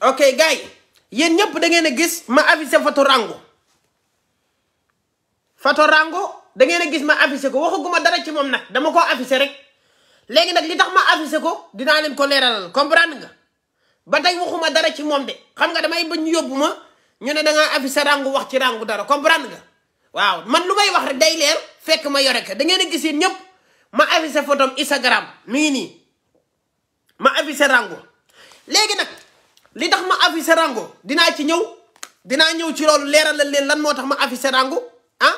ok gars yi yéen ñëpp da ngeen gis ma affiché photo Rango photo Rango da ngeen gis ma affiché ko waxaguma dara ci moom nag dama ko affiché rek léegi nag li tax ma affiché ko dinaa leen ko leeralal comprendre nga ba tey waxuma dara ci moom de xam nga damay bañ yóbbu ma ñu ne da ngaa affiché Rango wax ci Rango dara comprendre nga waaw man lu may wax rek day leer fekk ma yore ko da gis yéen ñëpp ma affiché photom Instagram mi ngi nii ma affiché Rango léegi nag. li tax ma affiché rango dinaa ci ñëw dinaa ñëw ci loolu leeral leeralal leen lan moo tax ma affiché rango ah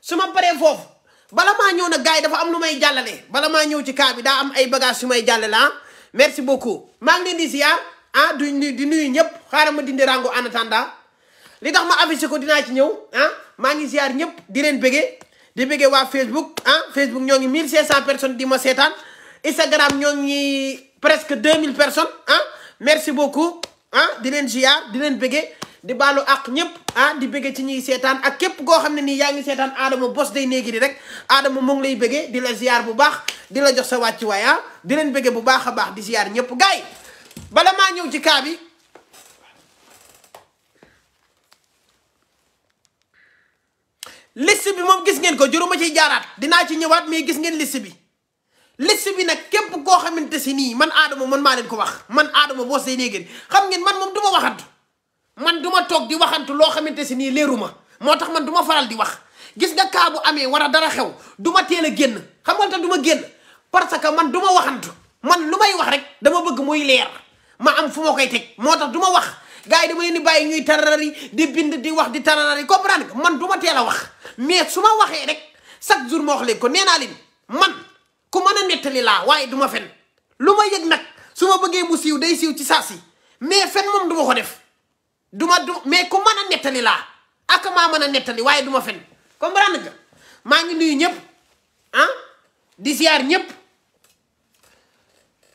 su ma paree foofu bala maa ñëw nag gars yi dafa am lu may jàllale bala maa ñëw ci cas bi daa am ay bagages yu may jàllale ah merci beaucoup maa ngi leen di ziar ah du di nuyu ñëpp xaaral ma dindi rango en attendant li tax ma affiché ko dinaa ci ñëw ah maa ngi ziar ñëpp di leen bëggee di bëggee waa Facebook ah Facebook ñoo ngi 1500 personnes di ma seetaan Instagram ñoo ngi presque 2000 personnes ah merci beaucoup. Ah, di leen ziar di leen bëggee di baalu àq ñëpp ah di bëggee ci ñuy seetaan ak képp koo xam ne nii yaa ngi seetaan aadama bos Day néegi rek Adama mu ngi lay bëggee di la ziar bu baax di la jox sa wàccuwaay ah di leen bëggee bu baax a baax di ziar ñëpp gaay yi bala maa ñëw ci kaa bi liste bi moom gis ngeen ko juróoma ciy jaaraat dinaa ci ñëwaat mais gis ngeen liste bi liste bi nag képp koo xamante si nii man aadama man maa leen ko wax man Adama boo see néegéen xam ngeen man moom du ma waxantu man du ma toog di waxantu loo xamante si nii leeru ma moo tax man du ma faral di wax gis nga kaa bu amee war a xew du ma teel a génn xam nga tax du ma génn parce que man du ma waxantu man lu may wax rek dama bëgg muy leer ma am fu ma koy teg moo tax du ma wax gars yi dama leen di bàyyi ñuy tararari di bind di wax di tararari comprendre nga man du ma teel a wax mais su ma waxee rek chaque jour moo wax leen ko nee naa man. ku mën a nettali laa waaye du ma fen lu ma yëg nag su ma bëggee mu siiw day siiw ci saa si mais fen moom du ko def du ma du mais ku man a nettali laa ak maa mën a nettali waaye duma ma fen comprendre nga maa ngi nuyu ñëpp ah, di siyaar ñëpp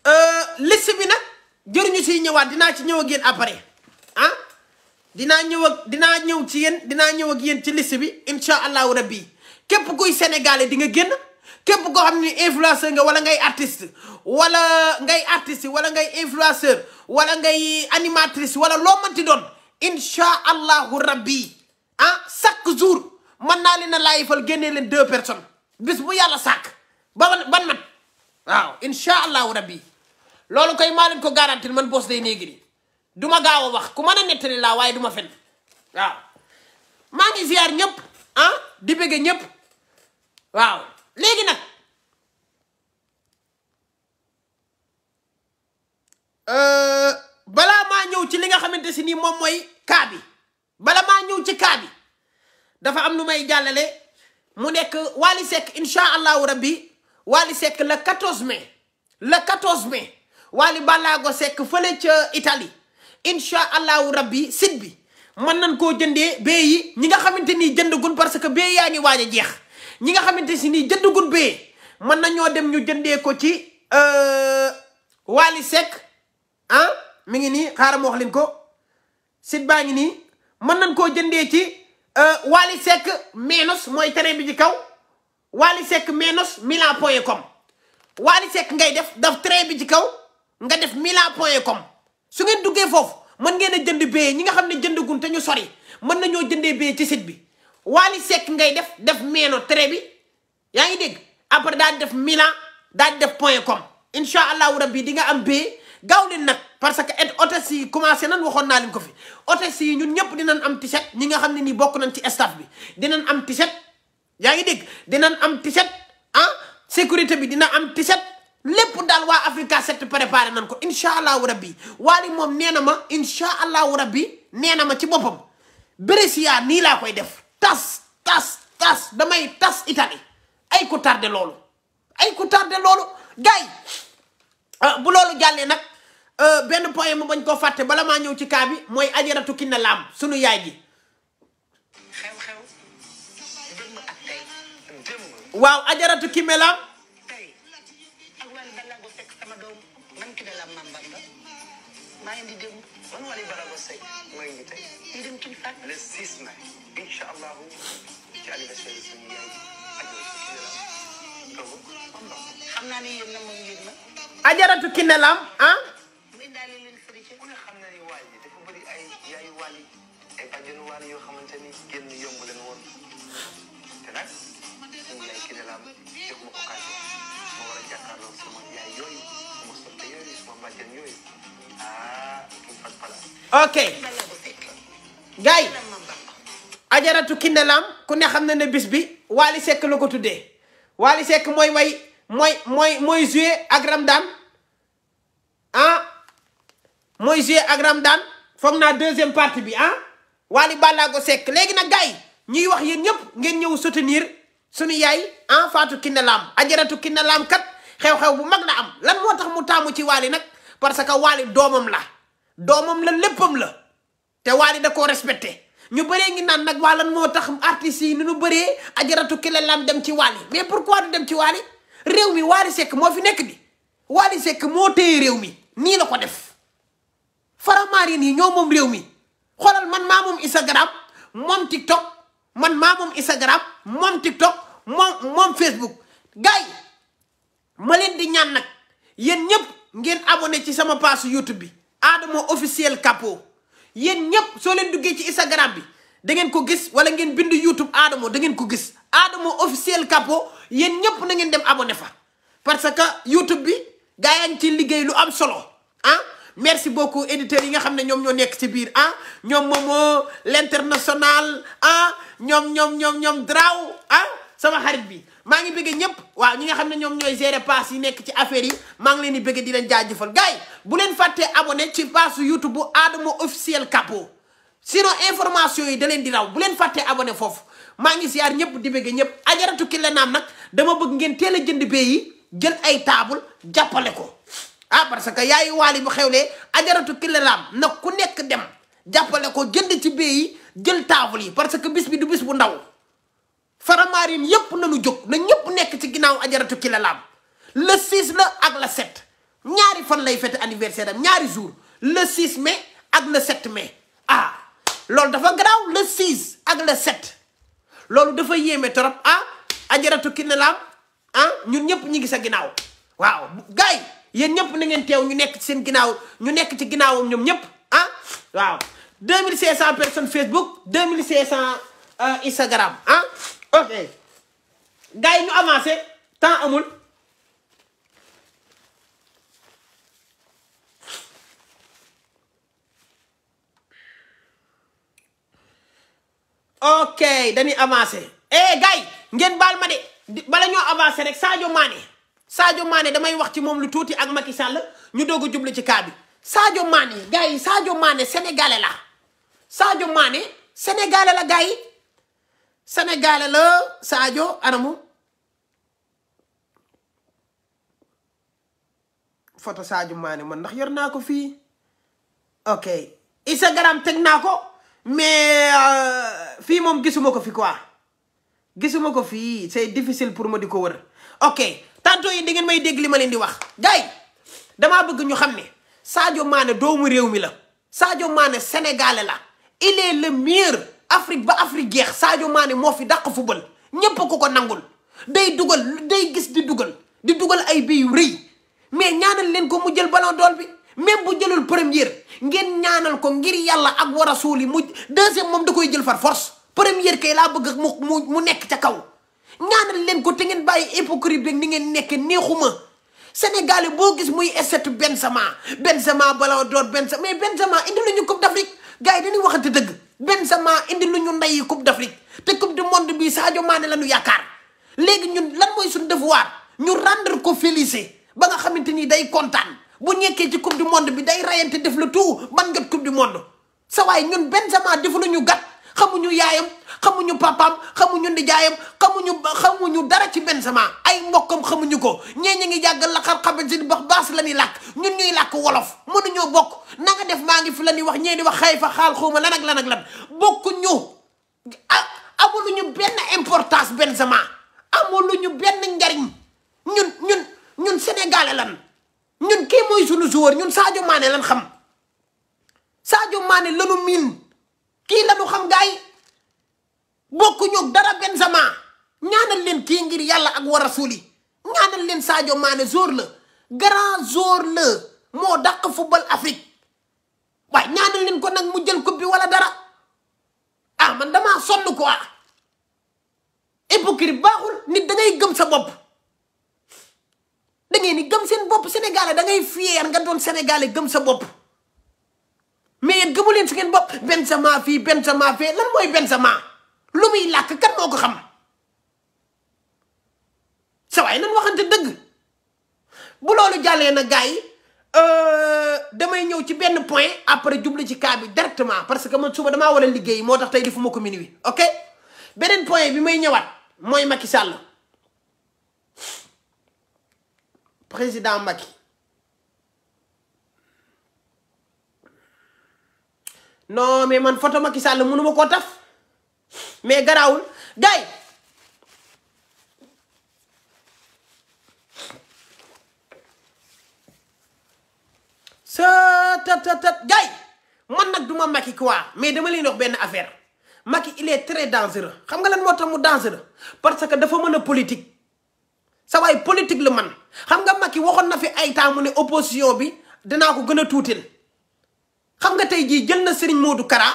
euh, liste bi nag jëruñu siy ñëwaat dinaa ci ñëw ak yéen après ah dinaa ñëwaat ak dinaa ñëw ci yéen dinaa ñëw ak yéen ci liste bi incha allahu rabbi képp kuy sénégalais di nga génn képp koo xam ne influenceur nga wala ngay artiste wala ngay artiste wala ngay influenceur wala ngay animatrice wala loo mënti doon incha allahu rabbi ah chaque jour mën naa leen a laayifal génnee leen deux personnes bis bu yàlla sàkk ba ban man waaw incha allahu rabbi loolu koy maa leen ko garantir man Boss Day Negri du ma gaaw a wax ku mën a nettali la waaye duma ma fen waaw maa ngi ziar ñëpp ah di bëgge ñëpp waaw léegi nag euh, balaa maa ñëw ci li nga xamante si ni moom mooy cas bi bala maa ñëw ci cas dafa am lu may jàllale mu nekk Wally Seck incha allahu rabbi Wally sekk le 14 mai la 14 mai Wally Ballago sekk fële ca itali incha allahu rabbi site bi mën nañ koo jëndee bee yi ñi nga xamante ni jënd gun parce que bee yaa ngi waaj a jeex. ñi nga xamante si nii jëndagul bee mën nañoo dem ñu jëndee ko ci euh, Wally Seck ah mi ngi nii xaaral ma ko site baa ngi nii mën nañ koo jëndee ci euh, Wally Seck menos mooy terrain bi ci kaw Wally Seck menos milan point comme Wally sekk ngay def daf terrain bi ci kaw nga def milan point comme su ngeen duggee foofu mën ngeen a jënd bee ñi nga xam ne jëndagun te ñu sori mën nañoo jëndee bee ci site bi Wally Seck ngay def def meeno trait bi yaa ngi dégg après daal def milan daal def point com incha allahu rabbi di nga am b gaaw leen nag parce que et hôtesse yi commencé nan waxoon naa leen ko fi hôtesse yi ñun ñëpp dinañ am t ñi nga xam ne nii bokk nañ ci staff bi dinañ am t yaa ngi dégg dinañ am t-shirt ah sécurité bi dina am t-shirt lépp daal waa Africa 7 préparé nañ ko incha allahu rabbi Wally moom nee na ma incha allahu rabbi nee na ma ci boppam Brescia nii laa koy def. tas tas tas damay tas Italie ay ku tardé loolu ay ku tardé loolu gars euh, bu loolu jàllee nag euh, benn point mu bañ koo fàtte bala maa ñëw ci cas bi mooy ajaratu kinna laam sunu yaay ji xew-xew démb ak man Wally Ballago Seck mooy ngi tey ñu dem ci fan le 6 mai incha allah ci anniversaire suñu yaay ak xam naa ne yéen na moom yéen na. ajaratu Kiné Lam ah. muy daal di leen fëri ci ku ne xam na ni waa ji dafa bëri ay yaayu Wally ay bàjjenu Wally yoo xamante ni génn yomb leen woon te nag suñu yaay Kiné Lam jox ma occasion ma war a jàkkaarloo sama yaay yooyu sama soppe yooyu sama bàjjen yooyu. ok gars yi ajaratu Kiné Lam ku ne xam na ne bis bi Wally Seck la ko tuddee Wally Seck mooy way mooy mooy mooy joué ak ah mooy joué ak Ramdan foog naa deuxième partie bi ah Wally Ballago sekk léegi nag gars yi ñuy wax yéen ñëpp ngeen ñëw soutenir suñu yaay ah Fatou Kiné Lam ajaratu Kiné Lam kat xew-xew bu mag na am lan moo tax mu taamu ci Wally nag parce que Wally doomam la doomam la léppam la te waali da koo respecté ñu bëree ngi naan nag waalan moo tax artistes yi ni ñu bëree ajaratu kile lan dem ci Wally mais pourquoi du dem ci Wally réew mi Wally sekk moo fi nekk di Wally sekk moo téye réew mi nii la ko def faramaarin yi ñoo moom réew mi xoolal man maa moom Instagram moom TikTok man maa moom Instagram moom TikTok moom moom Facebook gars ma leen di ñaan nag yéen ñëpp. ngeen abonné ci sama paas YouTube bi Adamo officiel Capo yéen ñëpp soo leen duggee ci Instagram bi da ngeen ko gis wala ngeen bind YouTube Adamo da ngeen ko gis aadamo officiel Capo yéen ñëpp na ngeen dem abonné fa parce que YouTube bi gaa yaa ngi ciy liggéey lu am solo ah merci beaucoup éditeurs yi nga xam ne ñoom ñoo nekk ci biir ah ñoom Momo l'international ah ñoom ñoom ñoom ñoom Draw ah sama xarit bi maa ngi bëgg ñëpp waaw ñi nga xam ne ñoom ñooy gérer pass yi nekk ci affaire yi maa ngi leen di bëgg di leen jaajëfal bu leen fàttee abonné ci passu YouTube bu Adamo officiel Capo sinon information yi da leen di raw bu leen fàttee abone foofu maa ngi siyaar ñëpp di bëgg ñëpp ajaratu ki naam nag dama bëgg ngeen teel a jënd bee yi jël ay taabul jàppale ko ah, parce que yaayu waali bu xewlee ajaratu ki la naam nag ku nekk dem jàppale ko jënd ci bee yi jël table yi parce que bis bi du bis bu ndaw faramaarin yépp nañu jóg na ñëpp nekk ci ginnaaw ajaratu ki la laam le 6 la ak le 7 ñaari fan lay fête anniversaire am ñaari jour le 6 mai ak le 7 mai ah loolu dafa garaaw le 6 ak le 7 loolu dafa yéeme trop ah ajaratu ki la laam ah ñun ñëpp ñi ngi sa ginnaaw waaw gars yi yéen ñëpp na ngeen teew ñu nekk ci seen ginnaaw ñu nekk ci ginnaawam ñoom ñëpp ah waaw 2500 personnes Facebook 2500 euh, Instagram ah Ah. gars yi ñu avancé temps amul ok dañuy avancé eh gars yi ngeen baal ma de bala ñoo avancé rek Sadio Mané Sadio Mané damay wax ci moom lu tuuti ak Macky Sall ñu doog a jublu ci cas bi Sadio Mané gars yi Sadio Mané sénégalais la Sadio Mané sénégalais la gars yi. sénégalais la Sadio anamu photo Sadio Mané man ndax yor naa ko fii ok Instagram teg naa ko mais euh, fii moom gisuma ko fii quoi gisuma ko fii c'est difficile pour ma di ko wër ok tantôt yi da ngeen may dégg li ma leen di wax gars yi damaa bëgg ñu xam ne Sadio maane doomu réew mi la Sadio maane sénégalais la il est le meilleur Afrique ba Afrique jeex Sadio Mané moo fi daq dàq football ñépp ko ko nangul day dugal day gis di dugal di dugal ay bi yu rëy mais ñaanal leen ko mu jël ballon d'or bi même bu jëlul première ngeen ñaanal ko ngir yàlla ak war a suul yi mu deuxième moom da koy jël par force première kay laa bëgg mu mu mu nekk ca kaw ñaanal leen ko te ngeen bàyyi hypocrite bi ni ngeen nekke neexuma Sénégal boo gis muy statut Benzema Benzema ballon d'or Benzema mais Benzema indi la ñu Coupe d'Afrique gars yi dañuy waxante dëgg benn Benzema indi lu ñu ndeyi coupe d'Afrique te coupe du monde bi Sadio Mané la ñu yaakaar léegi ñun lan mooy suñ devoir ñu rendre ko félicité ba nga xamante ni day kontaan bu nekkee ci coupe du monde bi day rayante def le tout ban jot coupe du monde sa waay ñun Benzema defu lu ñu gat xamuñu yaayam xamuñu papaam xamuñu ndijaayam xamuñu xamuñu dara ci Benzema ay mbokkam xamuñu ko ñee ñu ngi jàggal la xam-xam si bax baas la ñuy làkk ñun ñuy làkk wolof mënuñoo bokk na nga def maa ngi fi la ñuy wax ñee di wax xay fa xaal xawma lan ak lan ak lan bokkuñu ah amuluñu benn importance Benzema amuluñu benn njariñ ñun ñun ñun sénégalais lan ñun kii mooy sunu joueur ñun Sadio Mané lan xam Sadio Mané lanu miin kii la du xam gaay bokkuñu dara Benzema ñaanal leen kii ngir yàlla ak wa rasuli ñaanal leen Sadio maane jour la grand jour la moo dàq football Afrique waaye ñaanal leen ko nag mu jël coupe bi wala dara ah man damaa sonn quoi hypocrite baaxul nit da ngay gëm sa bopp da ngeen ni gëm seen bopp sénégalais da ngay fier nga doon sénégalais gëm sa bopp. mais yéen gëmu leen fi ngeen bopp Benzema fii Benzema fee lan mooy Benzema lu muy làkk kan moo ko xam sa waay nan waxante dëgg bu loolu jàllee na gars yi euh, damay ñëw ci benn point après jublu ci cas bi directement parce que man suba damaa war a liggéey moo tax tey defuma ko minuit ok beneen point bi may ñëwaat mooy Macky sàll président Macky non mais man photo Macky Sall mënu ma koo taf mais garaawul gaay sa tat tat tat gay man nag du ma Macky quoi mais dama leen wax benn affaire Macky il est très dangereux xam nga lan moo tax mu dangereux parce que dafa mën a politique sa waay politique la man xam nga Macky waxoon na fi ay temps mu ne opposition bi dinaa ko gën a tuutil xam nga tey jii jël na Serigne Modou Kara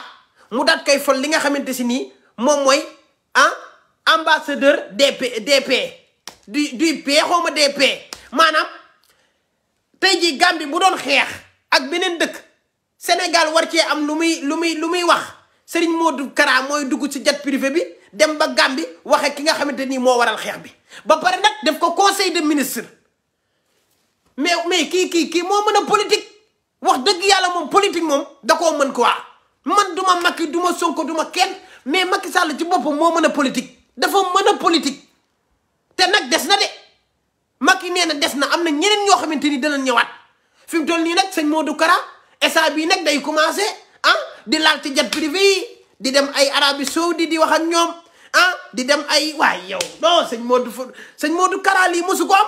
mu daat kay fol li nga xamante si nii moom mooy ah ambassadeur DP DP du du P xaw ma DP maanaam tey jii Gambie bu doon xeex ak beneen dëkk Sénégal war cee am lu muy lu muy lu muy wax Serigne Modou karaa mooy dugg ci jat privé bi dem ba Gambie waxe ki nga xamante nii moo waral xeex bi ba pare nag def ko conseil de ministre mais mais kii kii kii moo mën a politique. wax dëgg yàlla moom politique moom da koo mën quoi man du ma Macky du ma Sonko du ma kenn mais makki sàll ci boppam moo mën a politique dafa mën a politique te nag des na de Macky nee na des na am na ñeneen ñoo xamante ni dana ñëwaat fi mu toll nii nag sëñ Modou Kara esa bii nag day commencé ah di laal ci jet privé yi di dem ay Arabie Saoudi di wax ak ñoom ah di dem ay waay yow non sëñ Modou sëñ Modou Kara lii mosu ko am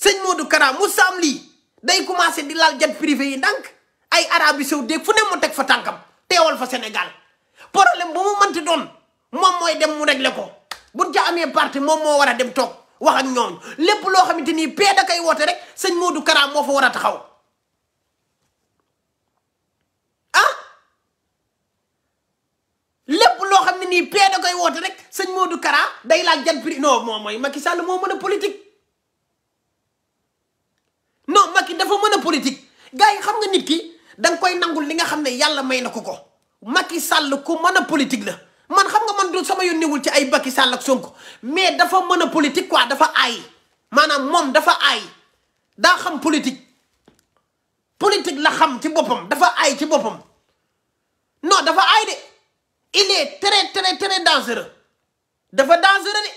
sëñ Modou Kara mosu am lii. day commencé di laal jet privé yi ndànk ay Arabie Saoudite fu ne mu teg fa tànkam teewal fa Sénégal problème bu mu mënti doon moom mooy dem mu réglé ko buñ ca amee parti moom moo war a dem toog wax ak ñooñu lépp loo xamante ni paix da koy woote rek sëñ Modou Kara moo fa war a taxaw ah loo xam ne nii paix da koy woote rek sëñ Modou Kara day laal jan privé non moom mooy Macky Sall moo mën a politique. non Macky dafa mën a politique gars yi xam nga nit ki da koy nangul li nga xam ne yàlla may na ko ko Macky Sall ku mën a politique la man xam nga man du sama yónneewul ci ay Macky Sall ak ko mais dafa mën a politique quoi dafa ay maanaam moom dafa ay daa xam politique politique la xam ci boppam dafa aay ci boppam non dafa aay de il est très très très dangereux dafa dangereux de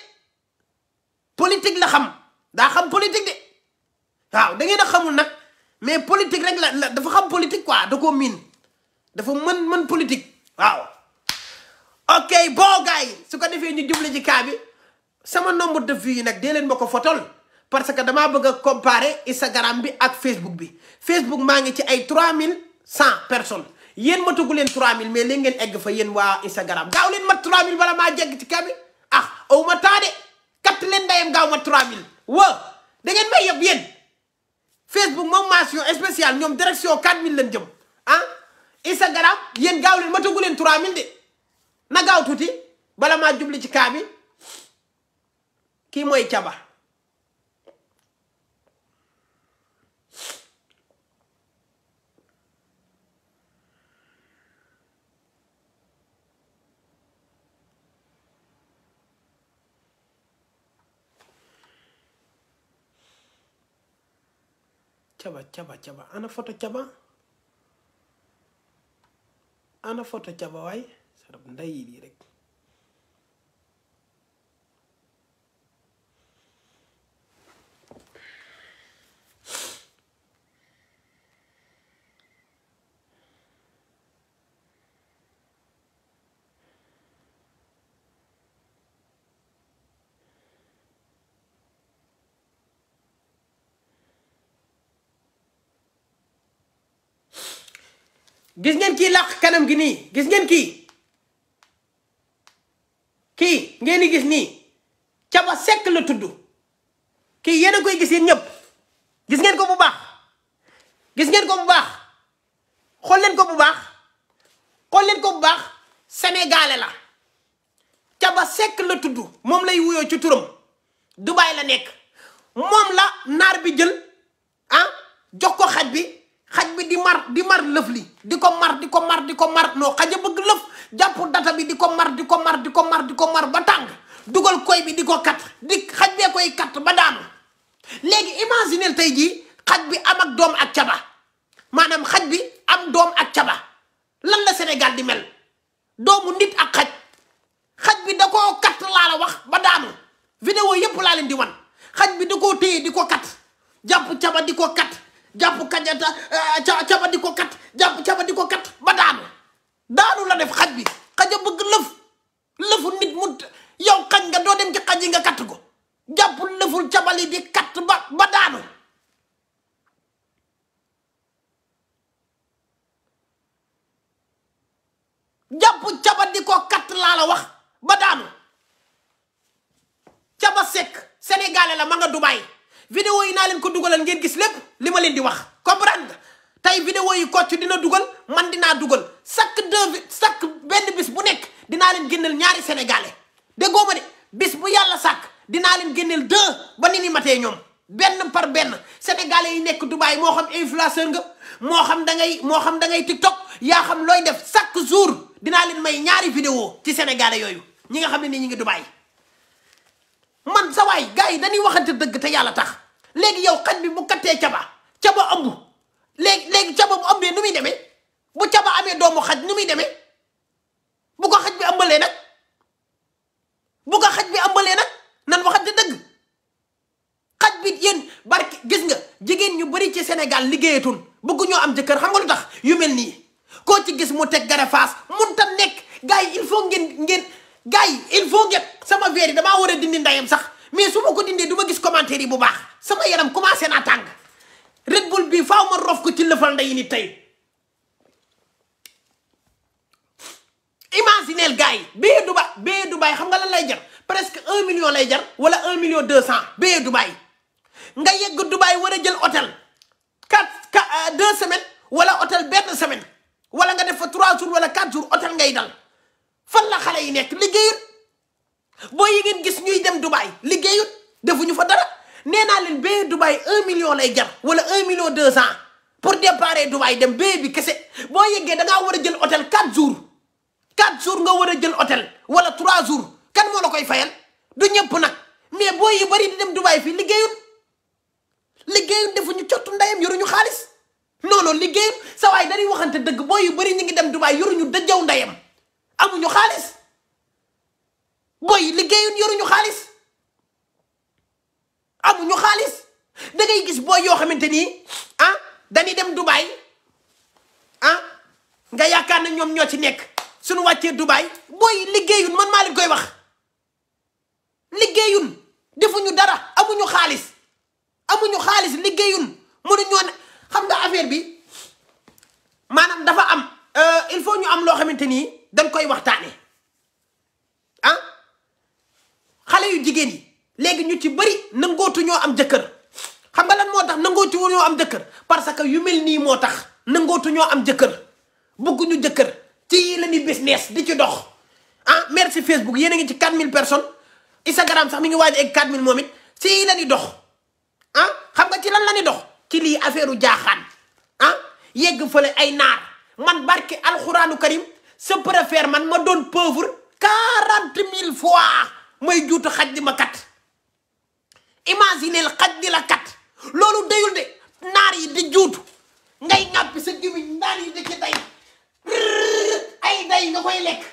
politique la xam daa xam politique de. waaw da ngeen a xamul nag mais politique rek la dafa xam politique quoi da koo miin dafa mën mën politique waaw. ok bon gaa yi su ko defee ñu jublu ci cas bi sama nombre de vues yi nag dee leen ma ko fotol parce que damaa bëgg a comparer Instagram bi ak Facebook bi Facebook maa ngi ci ay 3100 personnes yéen ma tugg leen 3000 mais léegi ngeen egg fa yéen waa Instagram gaaw leen mat 3000 bala maa jegg ci cas bi ah aw ma taa de kat leen ndayam gaaw ma 3000 wa da ngeen may yëpp yéen. Facebook moom mention spéciale ñoom direction 4000 lañ jëm ah Instagram yéen gaaw leen matagu leen 3000 de na gaaw tuuti bala maa jubli ci kaami kii mooy caba caba caba caba ana photo caba ana photo caba waay sarab nday yi rek gis ngeen kii làq kanam gi nii gis ngeen kii kii ngeen di gis nii caba sekk la tudd kii yéen koy gis yéen ñëpp gis ngeen ko bu baax gis ngeen ko bu baax xool leen ko bu baax xool ko bu baax sénégalais la caba sekk la tudd moom lay wuyoo ci turam Dubaay la nekk moom la naar bi jël ah jox ko xaj bi xaj bi di mar di mar lëf li di ko mar di ko mar di ko mar non xaj a bëgg lëf jàpp data bi di ko mar di ko mar di ko mar di ko ba tàng dugal koy bi di ko kat di xaj bee koy kat ba daanu léegi imaginer tey jii xaj bi am ak doom ak caba maanaam xaj bi am doom ak caba lan la Sénégal di mel doomu nit ak xaj xaj bi da koo kat laa la wax ba daanu vidéo yépp laa leen di wan xaj bi da koo téye di ko kat jàpp caba di ko kat jàpp kajata eh, ca caba di ko kat jàpp caba di ko kat ba daanu daanu la def xaj bi xaj a bëgg lëf lëfu nit mu yow xaj nga doo dem ci xaj yi nga katt ko jàpp lëful cabali di katt ba ba daanu jàpp caba di ko katt laa la wax ba daanu caba sekk sénégalais la ma nga Dubaay vidéo yi naa leen ko dugalal ngeen gis lépp li ma leen di wax comprendre tey vidéo yi Kocc dina dugal man dinaa dugal chaque deux chaque benn bis bu nekk dinaa leen génneel ñaari sénégalais déggoo ma de bis bu yàlla sàkk dinaa leen génneel deux ba ni ni matee ñoom benn par benn sénégalais yi nekk Dubaay moo xam influenceur nga moo xam da ngay moo xam da ngay TikTok yaa xam looy def chaque jour dinaa leen may ñaari vidéo ci sénégalais yooyu ñi nga xam ne nii ñu ngi Dubaay man sa waay yi dañuy waxante dëgg te yàlla tax léegi yow xaj bi bu kattee caba caba ëmb léegi léegi caba bu ëmbee nu muy demee bu caba amee doomu xaj nu muy demee bu ko xaj bi ëmbalee nag bu ko xaj bi ëmbalee nag nan waxante dëgg xaj bi yéen bark gis nga jigéen ñu bari ci Sénégal liggéeyatul bëggu ñoo am jëkkër xam tax yu mel nii koo ci gis mu teg gara fas mun ta nekk gars yi il faut ngeen ngeen gars yi il faut ngeen sama verre yi damaa war a dindi ndayam sax mais su ma ko dindee du ma gis commentaire yi bu baax sama yaram commencé naa tàng Red Bull bi faaw ma rof ko ci lëfal nday ni tey imagineel gars yi bee Dubaï bee Dubaï xam nga la lay jar presque un million lay jar wala un million deux cent bee Dubaï nga yegg Dubaï war a jël hôtel quatre euh, deux semaines wala hôtel benn semaine wala nga def fa trois jours wala quatre jours hôtel ngay dal fan la xale yi nekk liggéeyut boo yi ngeen gis ñuy dem Dubaï liggéeyut defuñu fa dara nee naa leen billet Dubaï un million lay jar wala un million deux cent pour déparé Dubaï dem billet bi kese boo yeggee da ngaa war a jël hôtel quatre jours quatre jours nga war a jël hôtel wala trois jours kan moo la koy fayal du ñëpp nag mais boo yi bari di dem Dubaï fii liggéeyul liggéeyul ñu cottu ndeyam yoruñu xaalis non non liggéeyul sa waay dañuy waxante dëgg booy yu bari ñu ngi dem Dubaï yoruñu dëjjaw ndeyam amuñu xaalis booy liggéeyul yoruñu xaalis. amuñu xaalis da gis boo yoo xamante ni ah dañuy dem Dubaay ah nga yaakaar na ñoom ñoo ci nekk suñu wàccee Dubaay booy liggéeyun man maa leen koy wax liggéeyun defuñu dara amuñu xaalis amuñu xaalis liggéeyul mënuñoo ne xam nga affaire bi maanaam dafa am euh, il faut ñu am loo xamante ni dañ koy waxtaane ah xale yu jigéen yi. léegi ñu ci bëri nangootu ñoo am jëkkër xam nga lan moo tax nangootu ñoo am jëkkër parce que yu mel nii moo tax nangootu ñoo am jëkkër bëgguñu jëkkër ci yii la ñuy business di ci dox ah merci Facebook yéen a ngi ci 4000 personnes Instagram sax mi ngi waaj a egg 4000 moom it ci yii la ñuy dox ah xam nga ci lan la ñuy dox ci lii affaire u jaaxaan ah yegg fële ay naar man barke alxuraanu karim se préfère man ma doon pauvre 40 000 fois may juutu xaj di ma kat. imagineel xaj di la kat loolu dayul de naar yi di juutu ngay ŋàppi sa gémmiñ naar yi di day ay day nga koy lekk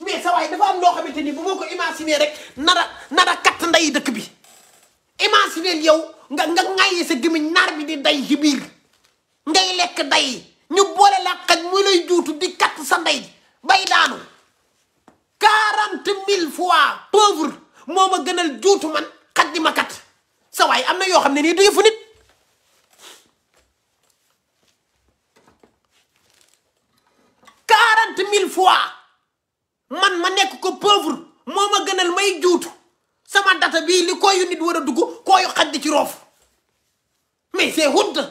mais sa dafa am loo xamante ni bu ma ko imaginer rek nara nara kat nday dëkk bi imagineel yow nga nga ŋàyyi sa gémmiñ naar bi di day ci ngay lekk day ñu boole la xaj muy lay juutu di kat sa ndey bay daanu quarante mille fois pauvre moo ma gënal juutu man kat di ma kat sa am na yoo xam ne nii du yëfu nit quarante mille fois man ma nekk ko pauvre moo ma gënal may juutu sama data bii li kooyu nit war a dugg kooyu xaddi ci roof mais c'est honte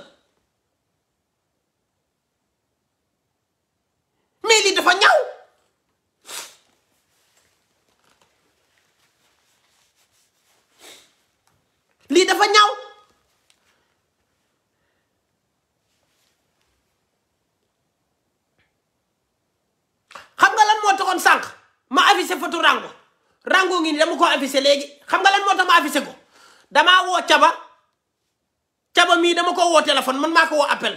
ngi nii dama ko affiché léegi xam nga lan moo tax ma affiché ko damaa woo caba caba mii dama ko woo téléphone man maa ko woo appel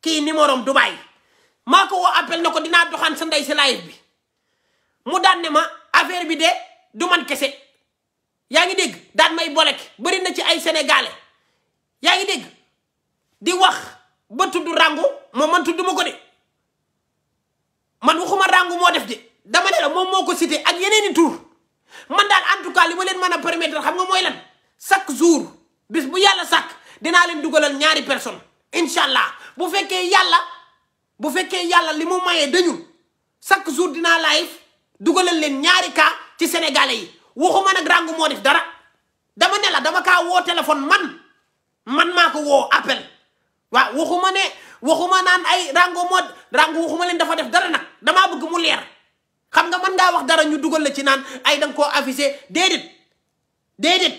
kii numérom Dubaay maa ko woo appel na ko dinaa doxaan sa ndey si live bi mu daan ne ma affaire bi de du man kese yaa ngi dégg daan may bolek bëri na ci ay sénégalais yaa ngi dégg di wax ba tudd rangu moom man tudd ma ko de man waxuma ràngu moo def de dama ne la moom moo ko cité ak yeneen i tur man daal en tout cas li ma leen mën a permettre xam nga moy lan chaque jour bis bu yàlla sàkk dinaa leen dugalal ñaari personne incha allah bu fekkee yàlla bu fekkee yàlla li mu mayee dañul chaque jour dinaa live dugalal leen ñaari cas ci sénégalais yi waxuma nag Rangou moo def dara dama ne la dama kaa woo téléphone man man maa ko woo appel waaw waxuma ne waxuma naan ay Rangou moo Rangou waxuma leen dafa def dara nag damaa bëgg mu leer xam nga mën ngaa wax dara ñu dugal la ci naan ay danga koo affiché déedéet déedéet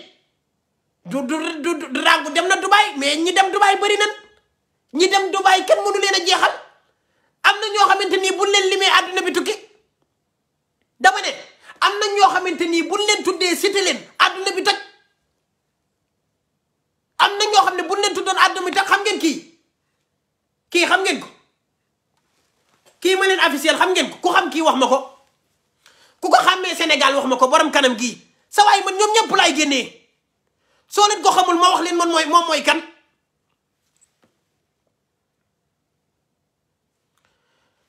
du du du ràngu dem na Dubaay mais ñi dem Dubaay bari nan ñi dem Dubaay kenn mënu leen a jeexal am na ñoo xamante nii buñ leen limee àdduna bi tukki dafa ne am na ñoo xamante nii buñ leen tuddee cité leen àdduna bi toj am na ñoo xam ne buñ leen tuddoon àdduna bi toj xam ngeen kii kii xam ngeen ko kii ma leen officiel xam ngeen ko ku xam kii wax ma ko Sénégal wax ma ko borom kanam gi sa waay man ñoom ñëpp laay génnee soo leen ko xamul ma wax leen man mooy moom mooy kan.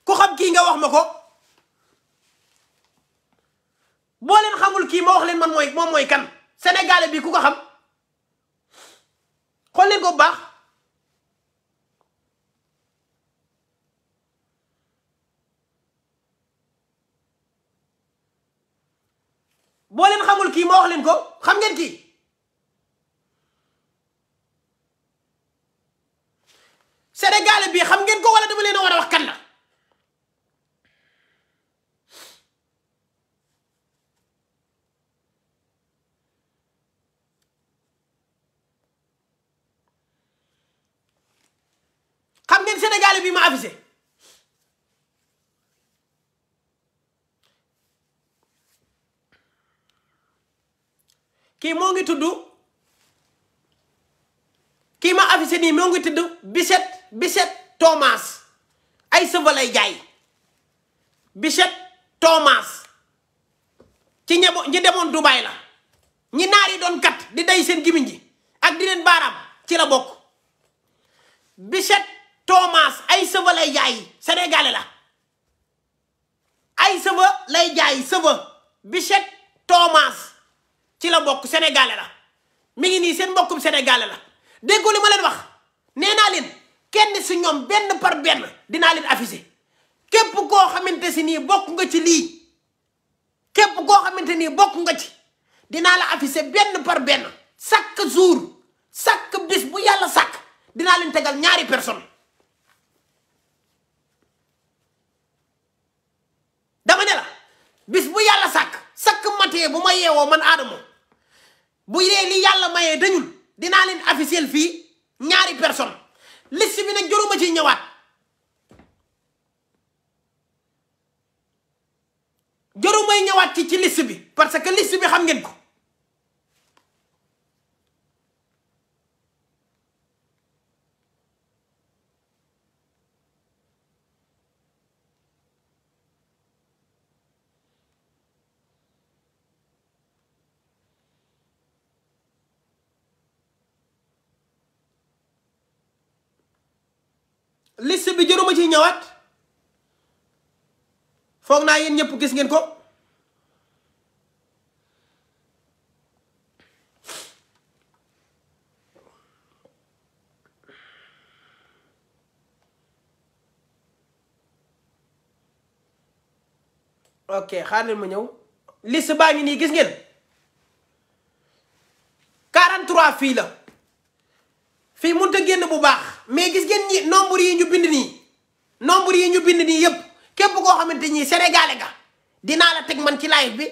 ku xam kii nga wax ma ko boo leen xamul kii ma wax leen man mooy moom mooy kan sénégalais bi ku ko xam xool leen ko bu baax. boo leen xamul kii ma wax leen ko xam ngeen kii sénégalais bi xam ngeen ko wala dama leen a war a wax kan la xam ngeen sénégalais bi ma avisé kii moo ngi tudd kii ma affiché nii moo ngi tudd Bichette Bichette Thomas ay sëba lay jaay Bichette Thomas ci ñebo ñi demoon Dubaay la ñi naar yi doon kat di day seen gimiñ ji ak di leen baaraam ci la bokk Bichette Thomas ay sëba lay jaay sénégalais la ay sëba lay jaay sëba Bichette Thomas ci la bokk sénégalais la mi ngi nii seen mbokkum sénégalais la déggoo li ma leen wax nee naa leen kenn si ñoom benn par benn dinaa leen affiché képp koo xamante si nii bokk nga ci lii képp koo xamante nii bokk nga ci dinaa la affiché benn par benn chaque jour chaque bis bu yàlla sàkk dinaa leen tegal ñaari personne dama ne la bis bu yàlla sàkk chaque matin bu ma yeewoo man aadama bu yee li yàlla mayee dañul dinaa leen officiel fii ñaari personne liste bi nag joruma ciy ñëwaat jorumay ñëwaat ci ci liste bi parce que liste bi xam ngeen ko list bi jëruma ciy ñawaat foog naa yéen ñëpp gis ngeen ko ok xaar leen ma ñëw liste baa ngi nii gis ngeen 43 fii la fii mënut a génn bu baax mais gis ngeen ñi nombre yi ñu bind nii nombre yi ñu bind nii yëpp képp koo xamante ni sénégalais ga dinaa la teg man ci live bi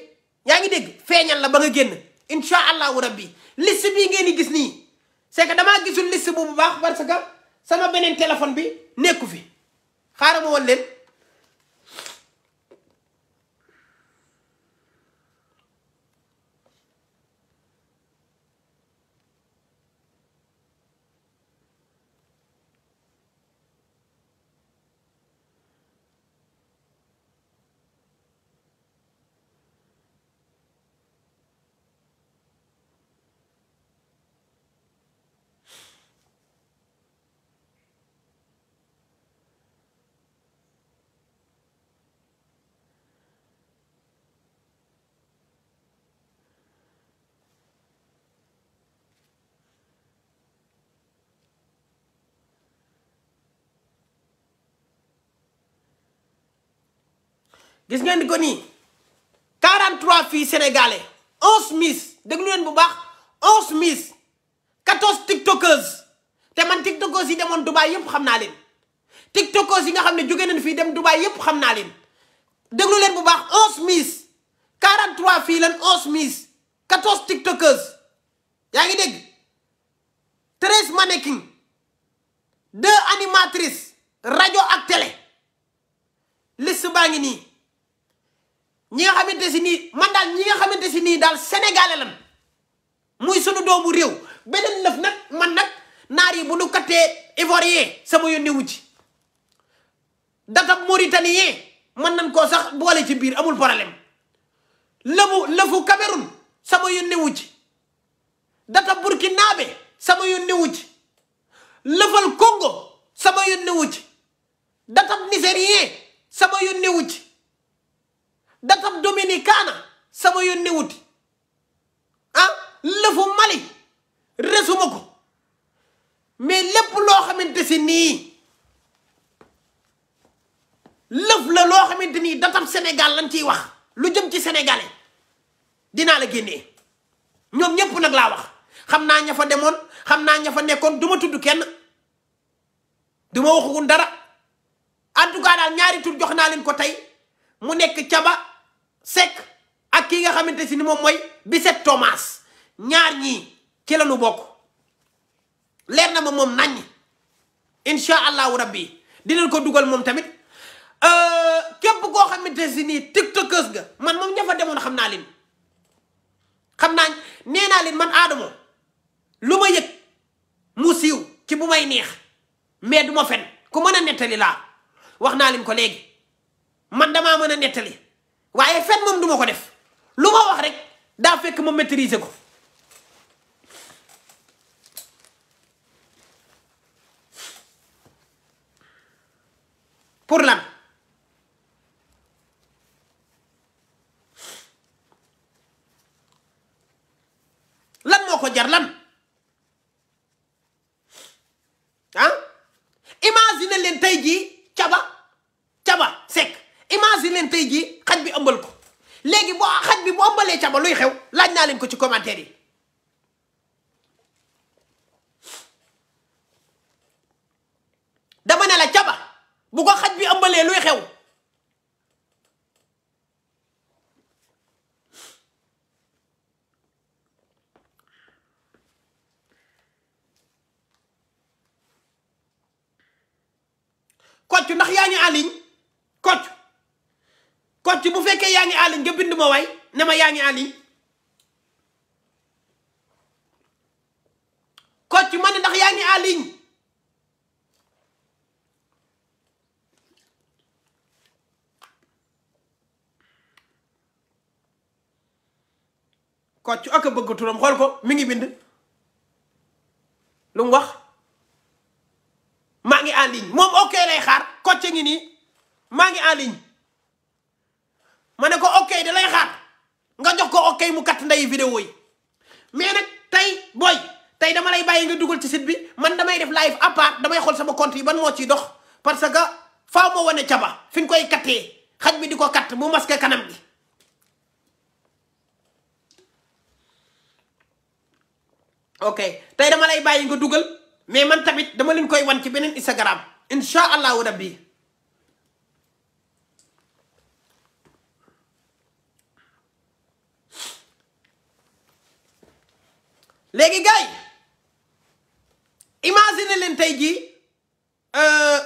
yaa ngi dégg feeñal la ba nga génn incha allahu rabbi liste bii ngeen di gis nii c'est que damaa gisul liste bu bu baax parce que sama beneen téléphone bi nekku fi xaaral ma leen. gis ngeen ko nii 43 filles sénégalais 11 miss déglu leen bu baax 11 miss 14 tiktokeuses te man tiktokeuses yi demoon Dubaay yëpp xam naa leen tiktokeuses yi nga xam ne jóge nañ fii dem Dubaay yëpp xam naa leen déglu leen bu baax 11 miss 43 filles lan 11 miss 14 tiktokeuses yaa ngi dégg 13 mannequins 2 animatrices rajo ak télé liste baa ngi nii. ñi nga xamante si nii man daal ñi nga xamante si nii daal sénégalais muy sunu doomu réew beneen lëf nag man nag naar yi bu nu kattee ivoirien sama yónni wu ci datam mauritanien mën nañ koo sax boole ci biir amul problème lëfu lëfu Cameroun sama yónni wu ci data burkinabé sama yónni wu ci lëfal Congo sama yónni wu ci datam nigérien sama yónni wu ci datab dominikaana sama yoon newuti ah lëfu Mali resuma ko mais lépp loo xamante si nii lëf la loo xamante nii datab senegal lañ ciy wax lu jëm ci sénégalais dinaa la génnee ñoom ñépp nag laa wax xam naa ñafa fa demoon xam naa ña fa nekkoon du tudd kenn du ma dara en daal ñaari tur jox naa leen ko tey mu nekk caba Seck ak kii nga xamante si ni moom mooy Bissette Thomas ñaar ñi ci la bokk leer na ma moom naññ incha allahu rabbi dinañ ko dugal moom tamit euh, képp koo xamante si nii tiktokers ga man moom ña fa demoon xam naa leen xam naa nee naa lin man Adamo lu ma yëg mu siw ki bu may neex mais du ma fen ku mën a nettali laa wax naa leen ko léegi man damaa mën a nettali. waaye fen moom du ko def lu ma wax rek daa fekk ma maîtriser ko pour lan lan moo ko jar lan commentaire dama ne la caba bu ko xaj bi ëmbalee luy xew kocc ndax yaa ngi en ligne kocc bu fekkee yaa ngi en ligne bind ma waay ne yaa ngi en kocc ak a bëgg turam xool ko mi ngi bind lu mu wax maa ngi en ligne moom ok lay xaar kocc ngi nii maa ngi en ligne ma ne ko ok da lay xaar nga jox ko ok mu kat nday vidéo yi mais nag tey booy tey dama lay bàyyi nga dugal ci sit bi man damay def live à part damay xool sama compte yi ban moo ciy dox parce que faaw ma wane caba fi koy kattee xaj bi di ko katt mu masqué kanam gi ok tey dama lay bàyyi nga dugal mais man tamit dama leen koy wan ci beneen Instagram insha allahu rabbi léegi gars yi imagine leen tey jii euh,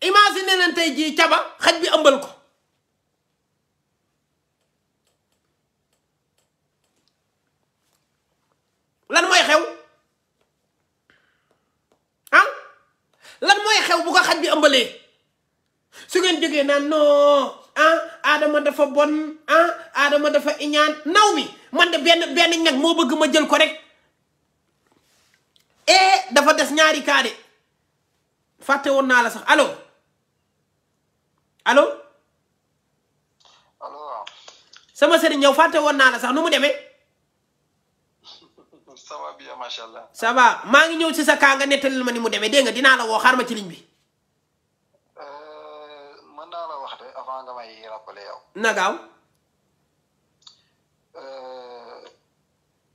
imagine leen tey jii caba xaj bi ëmbal ko lan mooy xew ah lan mooy xew bu ko xaj bi ëmbalee su ngeen jógee naan non ah Adama dafa bon ah Adama dafa iñaan naw mi man de benn benn ñag moo bëgg ma jël ko rek e dafa des ñaari kaa de fàtte woon naa la sax alo alo allo. sama sëriñ ñëw fàtte woon naa la sax nu mu demee. ça va macha allah. ça maa ngi ñëw si sa kaa nga nettalil ma ni mu demee dégg nga dinaa la woo ma ci ligne bi. Euh, mën wax avant nga may rappeler yow. na gaaw. Euh,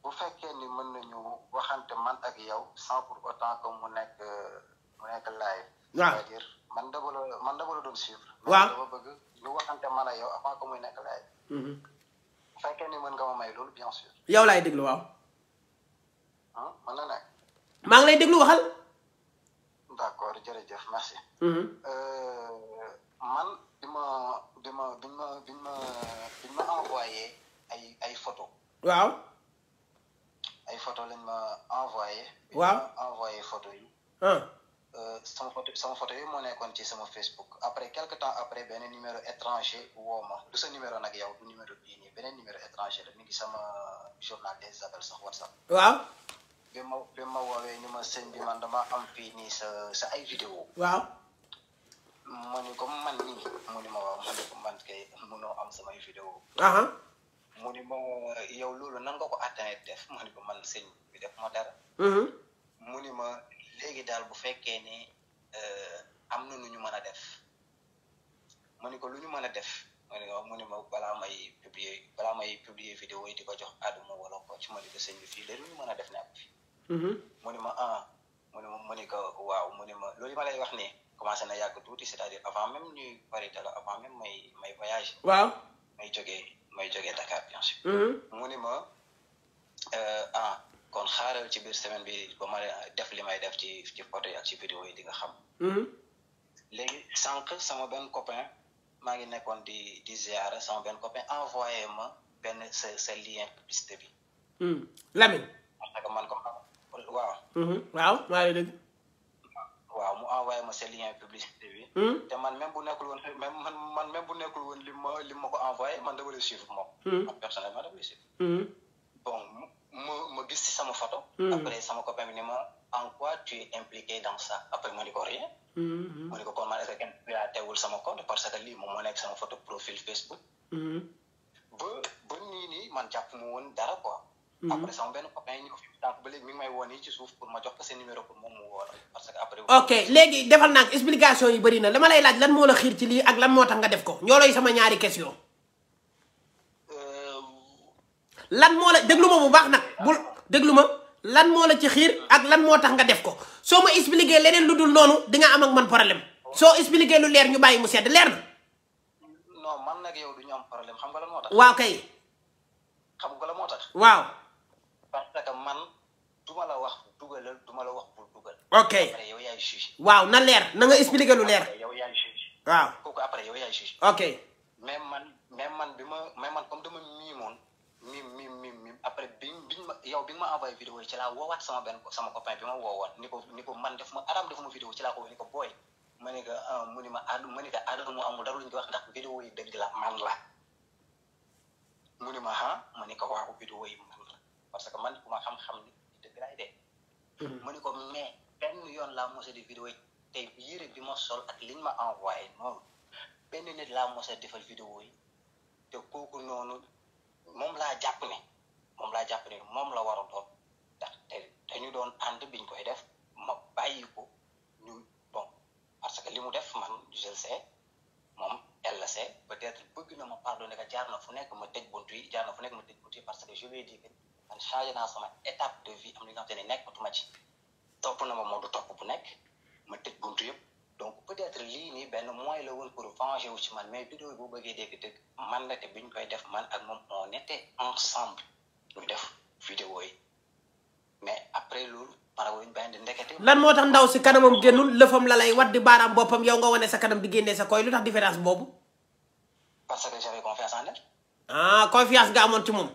bu fekkee ni mën na ñëw waxante man ak yow sans pour autant que mu nekk mu nekk live. waaw man dama la man dama la doon suivre. waa dama bëgg ñu waxante man ak yow avant que muy nekk live. Mhm. bu fekkee ni mën nga ma may loolu yow laay déglu waaw. mën na nekk. maa ngi lay déglu waxal. d'accord jërëjëf merci. Mm-hmm. Euh, man bi ma bi ma bi ma envoyé ay photo waaw. ay photo lañ ma envoyé. waaw envoyé photo yi. Ah. Euh, sama photo sama yi moo nekkoon ci sama Facebook après quelque temps après benn numéro étranger woo ma sa numéro nag yow numéro bii beneen numéro étranger la mi ngi sama journal des appels sax WhatsApp. waaw. bi ma bi ma woowee ni ma sëñ bi man dama am fii nii sa sa ay vidéo waaw mu ni ko man nii mu ni ma waaw mu ni ko man kay mënoo am samay vidéo mu ni ma yow loolu nan ko atteindre def mu ko man sëñ bi def ma dara mhm. mu ni ma léegi daal bu fekkee ni euh, na lu ñu mën a def mu ni ko lu ñu mën a def ma ne mu ne ma balaa may publier balaa may di ko jox àdduma wala ko ci ma ne ko sëñ bi fii léegi ñu mën a def ne ak Mm-hmm. mu ne ma ah mu ma mu ne waaw mu ne ma loolu ma lay wax ne commencé na yàgg tuuti cest a dire avant même ñuy bari dara avant même may may voyage. waaw may jógee may jógee Dakar bien sûr. Mm-hmm. mu euh, ah kon xaaral ci biir semaine bi ba ma def li may def ci ci photo yi ak ci vidéo yi di nga xam. Mm-hmm. léegi sànq sama benn copain maa ngi nekkoon di di ziara sama benn copain envoyé ma benn sa lien publicité bi. Lamine. parce que man comme waaw. Mhm. waaw maa mu envoyé ma sa lien publicité bi. Mhm. te man même bu nekkul woon man man même bu nekkul woon li ma li ma ko envoyé man dama lay suivre moom. Mhm. man personnellement dama lay ma ma gis sama photo. après sama copain bi ni ma en quoi tu es impliqué dans après ma ni ko rien. ma ni ko kon man est-ce que sama compte parce que lii moom moo nekk sama photo profil Facebook. ba ba nii nii man jàpp mu woon dara quoi. Mm-hmm. après sama benn ko fi tànk ba léegi mi ngi may woo nii ci suuf ko seen numéro pour moom mu woo la parce que après. ok léegi defal naa explication yi bëri na dama lay laaj lan moo la xiir ci lii ak lan moo tax nga def ko ñoolooy sama ñaari question. Euh, lan moo la déglu ma bu baax nag ah. bul déglu ma lan moo la ci xiir ak lan moo tax nga def ko soo ma expliqué leneen lu dul noonu di nga am ak man problème soo expliqué lu leer ñu bàyyi mu sedd leer na. man nag yow du am problème xam nga lan moo tax. waaw kay. moo tax. waaw. ok waaw na leer na nga expliquer lu leer. waaw kooku après yow yaay juge. ok mais man mais man bi ma mais man comme dama miimoon miim miim miim miim après biñ biñ ma yow bi nga ma envoyé vidéo yi ci laa woowaat sama benn sama copain bi ma woowaat ni ko ko man def ma Adam def ma vidéo ci laa ko ni ko booy ma ne ko ah, mu ni ma Adam ko Adam mu amul dara lu ñu ko wax ndax vidéo yi dëgg la man la mu ni ma ah ma ne ko waaw vidéo yi man la parce que man ku ma xam-xam ni dëgg laay dee. Mm-hmm. mu ni benn yoon laa mos a di vidéo yi tey yére bi ma sol ak liñ ma envoyé noonu benn nit laa mos a defal yi te kooku noonu moom laa jàpp ne moom laa jàpp ne moom la war a doon ndax te dañu doon ànd biñ koy def ma bàyyi ko ñu bon parce que li mu def man je le moom elle le sait peut-être bëgg na ma pardonné que jaar na fu nekk ma tëj bunt yi jaar na fu nekk ma tëj bunt yi parce que je lui ai dit man changé naa sama étape de vie am li nga xam te ci topp na ma Modou topp bu nekk ma tëj buntu yëpp donc peut-être lii nii benn moyen la woon pour venger wu ci man mais vidéo yi boo bëggee dégg dëgg man la te biñ koy def man ak moom on était ensemble ñu def vidéo yi mais après loolu parawuñ benn ndekete lan moo tax ndaw si kanamam génnul lëfam la lay wat di baaraam boppam yow nga wane sa kanam di génnee sa koy lu tax différence boobu parce que j'avais confiance en elle ah, confiance nga amoon ci moom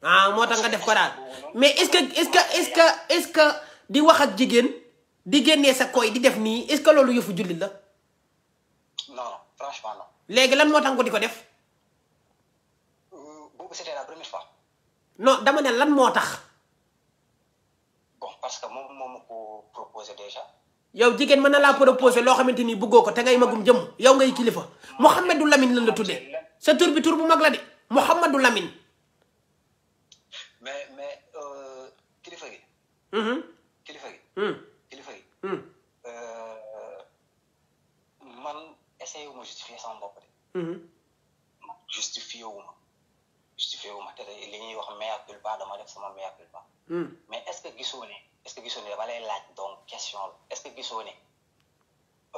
ah moo tax nga def ko daal mais est-ce que ce que est-ce que est-ce que di wax ak jigéen di génnee sa koy di def nii est loolu yëfu jullit la. non franchement léegi lan moo tax nga di ko def. Euh, boobu c'était la première fois. dama ne lan moo tax. bon parce que moom moo ma ko proposé déjà. yow jigéen mën na laa proposé loo xamante ni bëggoo ko te ngay magum jëm yow ngay kilifa du lamin lan la tuddee sa tur bi tur bu mag la de du Lamine. Mm-hmm. kilifa gi. Mm. kilifa gi. Mm. Euh, man essayé wu sama bopp de. Mm-hmm. justifié wu ma justifié wu ma te li ñuy wax mea culpa dama def sama mea culpa. Mm. mais est que gisoo ne est que gisoo ne dama lay laaj donc question la est ce que gisoo ne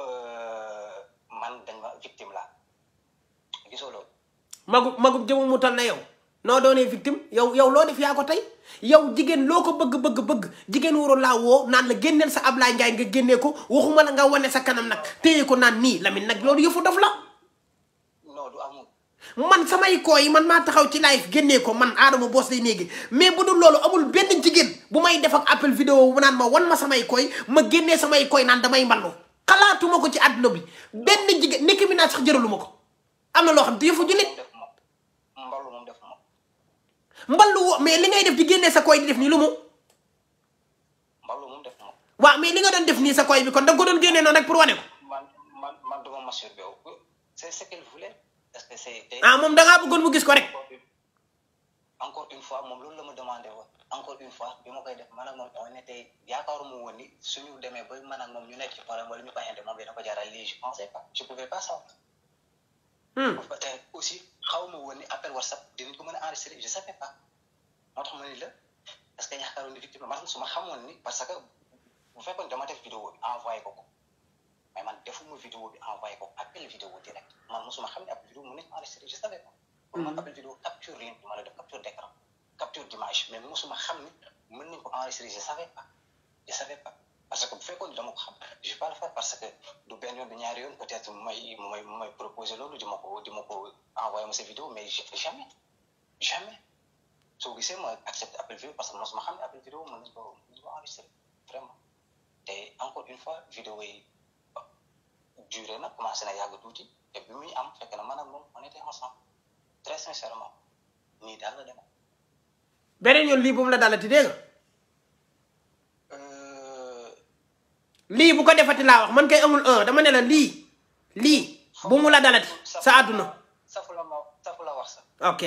euh, man dañ victime la gisoo loolu. magub magub jëmu mu na yow noo doonee victime yow yow loo def ko tey. yow jigéen loo ko bëgg bëgg bëgg jigéen warul laa woo naan la génneel sa Ablaye Ndiaye nga génnee ko waxuma la nga wane sa kanam nag téye ko naan nii Lamine nag loolu yëfu dof la. non du amul. man samay koo yi man maa taxaw ci live génnee ko man Adama Boss lay néegi mais bu dul loolu amul benn jigéen bu may def ak vidéo bu naan ma wan ma samay kooy ma génnee samay koy naan damay mballu xalaatuma ko ci àdduna bi benn jigéen nekk mi naa sax jëraluma ko am na loo xam te yëfu jullit mballu wo mais li ngay def di génnee sa koy di def nii lu mu. def na waaw mais li nga doon def nii sa koy bi kon da ko doon génnee noonu rek pour wane ko. man man man dama masturbé wu. c'est ce qu'elle voulait. est-ce que c'est ah, moom da ngaa mu gis ko rek. encore une fois moom loolu la ma demandé woon encore une fois bi ma koy def man moom on était yaakaaruma woon ni suñu demee ba man ak moom ñu nekk ci problème Hmm. parce que aussi xaw ma woon ni appel whatsapp dinañ ko mën a enregistré je savais pas moo tax ma ni la parce que yaakaaroon ni victime man su ma xamoon ni parce que bu fekkoon dama def vidéo bi envoyé ko ko mais man defuma vidéo bi envoyé ko xam ne appel vidéo mën ko enregistré je savais pas kon hmm. ma la def capture d'écran capture d'image mais mosuma xam ne mën nañ ko enregistré je savais pas je savais pas parce que bu fekkoon ni dama ko xam je vais pas le faire parce que du benn yoon du ñaari yoon peut mu may mu may mu loolu di ko di ko envoyé ma sa vidéo mais jamais jamais soo gisee ma accepté appel vidéo parce que mosuma xam ne appel vidéo mën nañu ko mën nañu ko enregistré te encore une fois vidéo yi euh, duré na commencé na yàgg tuuti te bi muy am man ak moom on était ensemble très sincèrement nii daal la demee. beneen yoon lii la daal la ti lii bu ko defati laa wax man kay amul dama ne la lii lii bu mu la dalati sa àdduna ok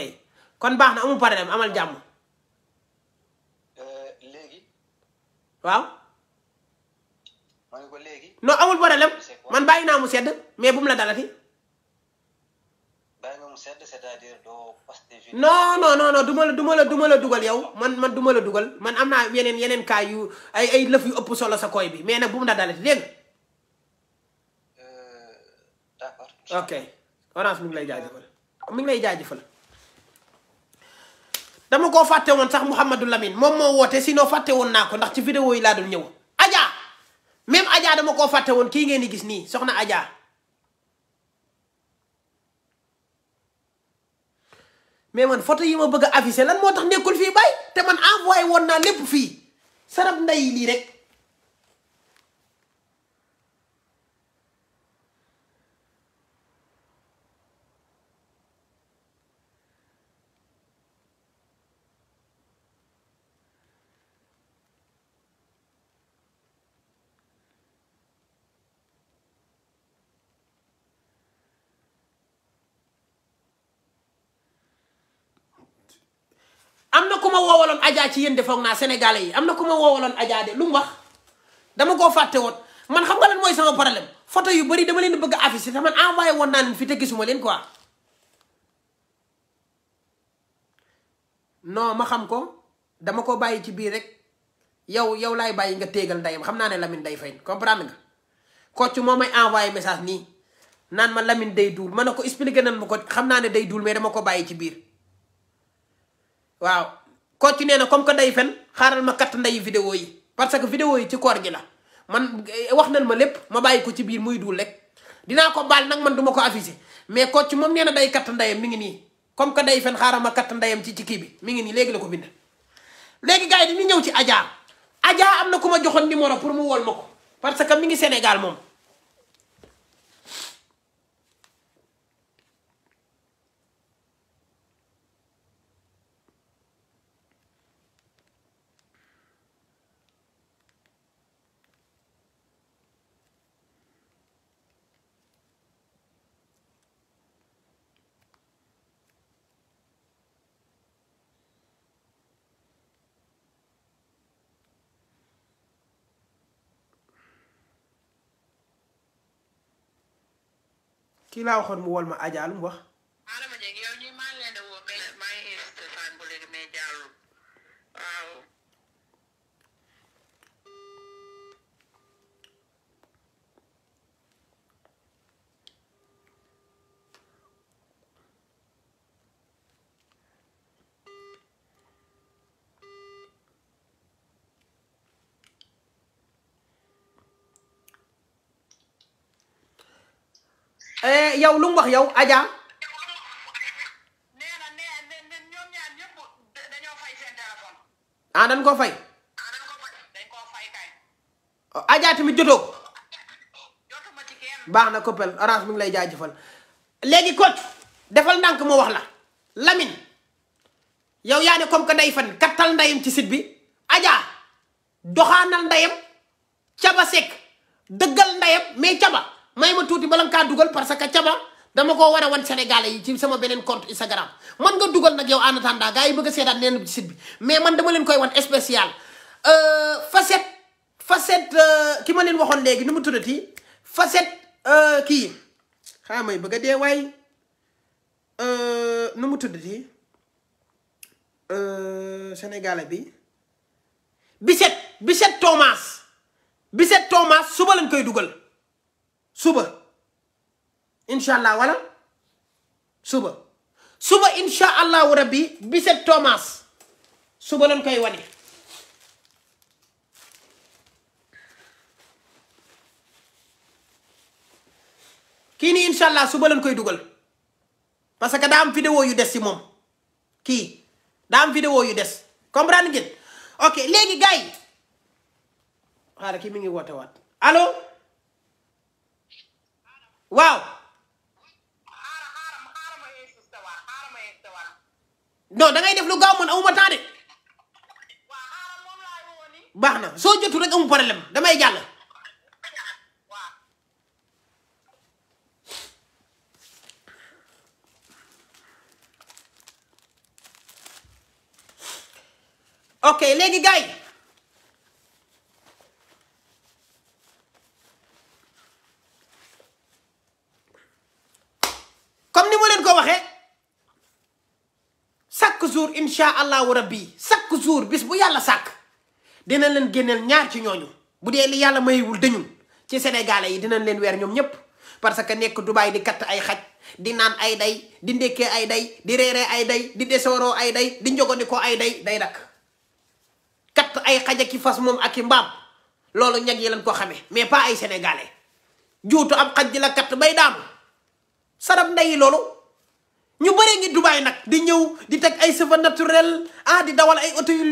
kon baax na amul problème amal jàmm euh, léegi waaw ma ne ko léegi non amul problème man bàyyi naa mu sedd mais bu mu la dalati lu sedd c'est-à-dire dumal Pastef non non non dugal yow man man dumal ma dugal man am naa yeneen yeneen yu ay ay lëf yu ëpp solo sa koy bi mais nag bu mu na dalati dégg nga. Euh, d'accord. ok Orange mi ngi lay jaajëfal mi ngi lay jaajëfal. dama koo fàtte woon sax Mouhamadou Lamine moom moo woote sinon fàtte woon naa ko ndax ci vidéo laa doon ñëw. Adja même ajaa dama koo fàtte woon kii ngeen di gis nii soxna ajaa mais man photo yi ma bëgg a affiché lan moo tax nekkul fii bay te man envoyé woon naa lépp fii sarab nday lii rek wooloon Adja ci yéen de foog naa sénégalais yi am na ko ma woowaloon Adja de lu wax dama koo fàtte woon man xam nga lan mooy sama problème photo yu bari dama leen bëgg a affiché te man envoyé woon naa fi te gisuma leen quoi. non ma xam ko dama ko bàyyi ci biir rek yow yow laay bàyyi nga téegal ndeyam xam naa ne Lamine day fay comprendre nga kocc moo may envoyé message nii naan ma Lamine day duul ma ne ko expliqué nan ma ko xam naa ne day duul mais dama ko bàyyi ci biir waaw. Kocc nee na comme que day fen xaaral ma katt ndeyu vidéo yi parce que vidéo yi ci koor gi la man eh, wax nañ ma lépp ma bàyyi ko ci biir muy duul rek dinaa ko baal nag man duma ko affiché mais Kocc moom nee na day katt ndeyam mi ngi nii comme que day fen xaaral ma katt ndeyam ci ci kii bi mi ngi nii léegi la ko bind. léegi gars yi ñëw ci Adja Adja am na ku ma joxoon ni numéro pour mu wol ma ko parce que mi ngi Sénégal moom. kii laa waxoon mu wol ma ajaalum wax mais yow lu wax yow Adja. Ah, ah dañ ko fay. Oh, Adja tamit jotoo baax na koppel orange mi ngi lay jaajëfal léegi coach defal ndànk moo wax la Lamine yow yaa ne comme que nday fan kattal ndayam ci site bi Adja doxaanal ndayam caba sekk dëggal ndayam mais caba may ma tuuti bala nga kaa dugal parce que caba dama ko war a wan Sénégalais yi ci sama beneen compte Instagram man nga dugal nag yow en attendant gars yi bëgg a seetaan neen ci site bi mais man dama leen koy wan spécial euh, facette facette euh, ki ma leen waxoon léegi nu mu tuddati facette euh, kii xaa may a dee waay nu mu tuddati Sénégalais bi Bissette Bissette Thomas Bissette Thomas suba lañ koy dugal suba incha allah wala suba suba incha allahu rabbi biset Thomas suba lañ koy wane. kii nii incha allah suba lañ koy dugal parce que daa am vidéo yu des si moom kii daa am vidéo yu des comprendre ngeen ok léegi gars yi xaaral kii mi ngi woote waat waaw. non da def lu gaaw man a temps de. baax na soo jotu rek amu problème damay jàll. ok léegi gars jour insha allahu rabbi chaque jour bis bu yàlla sàkk dinañ leen génneel ñaar ci ñooñu bu dee li yàlla mayiwul dëñul ci sénégalais yi dinañ leen weer ñoom ñépp parce que nekk du bàyyi di katt ay xaj di naan ay day di ndekkee ay day di reeree ay day di desooroo ay day di njogandikoo ay day day rak katt ay xaj ak i fas moom ak i mbaam loolu ñag yi leen ko xamee mais pas ay sénégalais juutu am xaj di la katt bay daam sarab ndeyi loolu ñu bëree ngi Dubaay nag di ñëw di teg ay cheveux naturel ah di dawal ay oto yu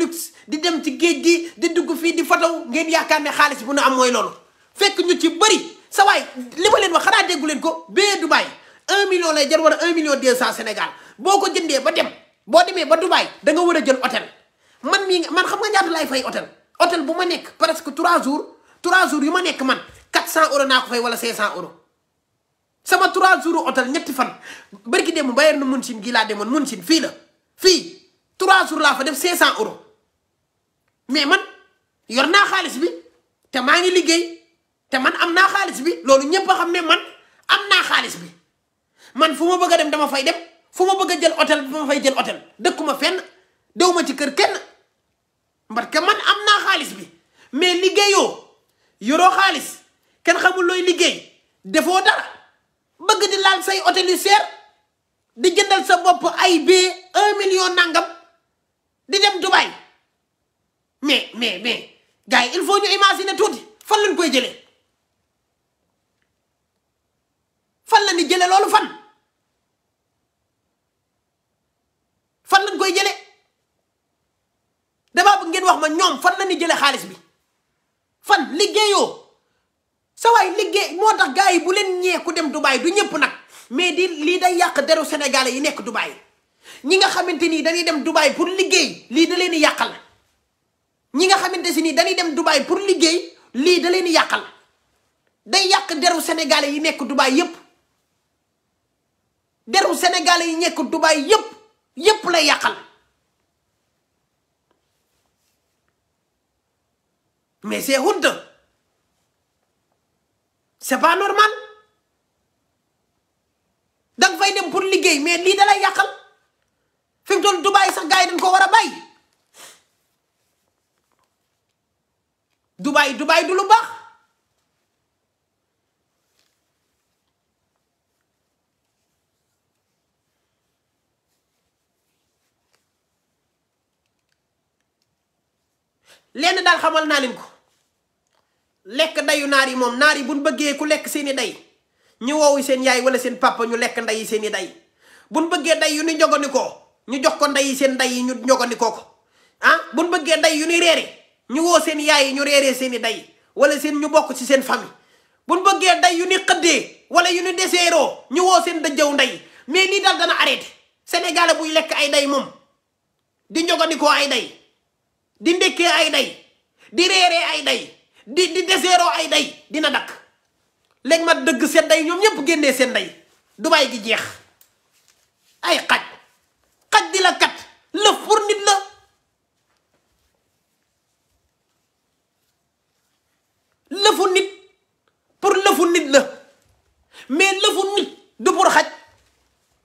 di dem ci géej gi di dugg fii di fotow ngeen yaakaar ne xaalis bu nu am mooy loolu fekk ñu ci bëri sa waay li ma leen wax xanaa déggu leen ko bee Dubaay un million lay jar wala un million deux cent Sénégal boo ko jëndee ba dem boo demee ba Dubaay da nga war a jël hôtel man mii man xam nga ñaata laay fay hôtel hôtel bu ma nekk presque trois jours trois jours yu ma nekk man qu cent euros naa wala cinq cent euros sama trois jour hôtel ñetti fan barki dem bayer na mun sin gii laa demoon mun sin fii la fii trois jours laa fa def cinq cent euros mais man yor naa xaalis bi te maa ngi liggéey te man am naa xaalis bi loolu ñëpp xam ne man am naa xaalis bi man fu bëgg a dem dama fay dem fu ma a jël hôtel dama fay jël hôtel dëkkuma fenn dewuma ci kër kenn parce que man am naa xaalis bi mais liggéeyoo yoroo xaalis kenn xamul looy liggéey defoo dara bëgg di laal say hôtel yu seer di jëndal sa bopp ay bee un million nangam di dem Dubaï mais mais mais gars yi il faut ñu imaginer tuuti fan lañ koy jëlee fan la ni jëlee loolu fan lañ koy jëlee damaa bëgg ngeen wax ma ñoom fan la ni jëlee xaalis bi fan liggéeyoo. sa waay liggéey moo tax gars yi bu leen ñee ku dem Dubaay du ñëpp nag mais di lii day yàq deru Sénégalais yi nekk Dubaay ñi nga xamante ni dañuy dem Dubaay pour liggéey lii da leen di yàqal ñi nga xamante si nii dañuy dem Dubaay pour liggéey lii da leen di yàqal day yàq deru Sénégalais yi nekk Dubaay yépp deru Sénégalais yi nekk Dubaay yépp yépp lay yàqal mais c'est honteux c'est pas normal danga fay dem pour liggéey mais lii dalay yàqal fi mu toll Dubaï sax dañ ko war a bay Dubaï Dubaï du lu baax lenn daal xamal naa leen ko lekk dayu naar yi moom naar yi buñ bëggee ku lekk seeni day ñu wow seen yaay wala seen papa ñu lekk nday yi seeni day bu buñ bëggee day yu ni njogandikoo ñu jox ko nday yi seen day yi ñu njogandikoo ko ah buñ bëggee day yu ni reere ñu woo seen yaay yi ñu reeree seeni day wala seen ñu bokk ci seen bu buñ bëggee day yu ni xëddee wala yu nu deseeroo ñu woo seen dëjëw nday mais lii daal dana arrêté sénégalais buy lekk ay day moom di njogandikoo ay day di ndekkee ay day di reeree ay day di di deseeroo ay day dina dakk léegi ma dëgg seen day ñoom ñëpp génnee seen day du bàyyi gi jeex ay xaj xaj di la kat lëf pour nit la lëfu nit pour lëfu nit la mais lëfu nit du pour xaj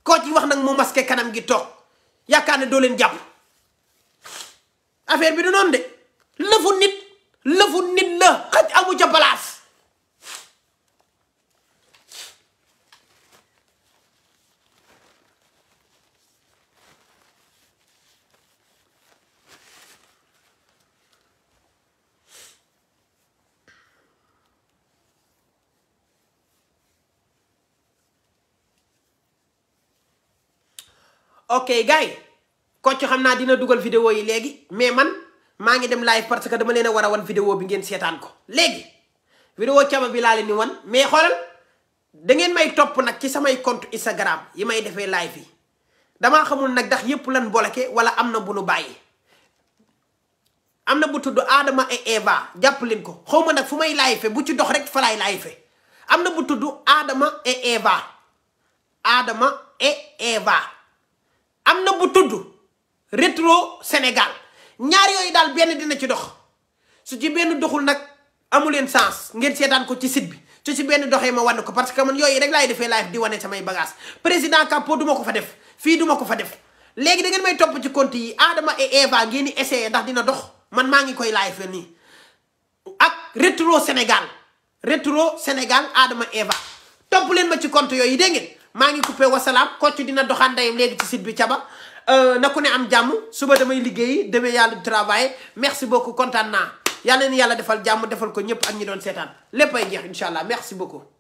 koo ci wax nag mu masqué kanam gi toog yaakaar ne doo leen jàpp affaire bi du noonu de lëfu nit lëfu nit ok gars yi Kocc xam naa dina dugal vidéo yi léegi mais man maa ngi dem live parce que dama leen a war a wan vidéo bi ngeen seetaan ko léegi vidéo cama bi laa leen ni wan mais xoolal da ngeen may topp nag ci samay compte Instagram yi may defee live yi damaa xamul nag ndax yépp lan bloqué wala am na bu nu bàyyi am na bu tudd Adama et Eva jàpp leen ko xaw ma nag fu may live bu ci dox rek fa laay live am na bu tudd Adama et Eva Adama Eva am na bu tudd rétro Sénégal ñaar yooyu daal benn dina ci dox su ci benn doxul nag amu leen sens ngeen seetaan ko ci site bi su ci benn doxee ma wan ko parce que man yooyu rek laay defee live di wane samay bagage président Capo duma ko fa def fii duma ko fa def léegi da ngeen may topp ci compte yi Adama et Eva ngeen di essayé ndax dina dox man maa ngi koy live nii ak rétro Sénégal rétro Sénégal Adama Eva topp leen ma ci compte yooyu dégg ngeen maa ngi coupé wasalaam kocc dina doxaan ndeyam léegi ci site bi caba euh, na ku ne am jàmm suba damay liggéeyi demee yàlla du merci beaucoup kontaan naa yàlla na yàlla defal jàmm defal ko ñëpp ak ñi doon seetaan lépp ay jeex incha allah merci beaucoup.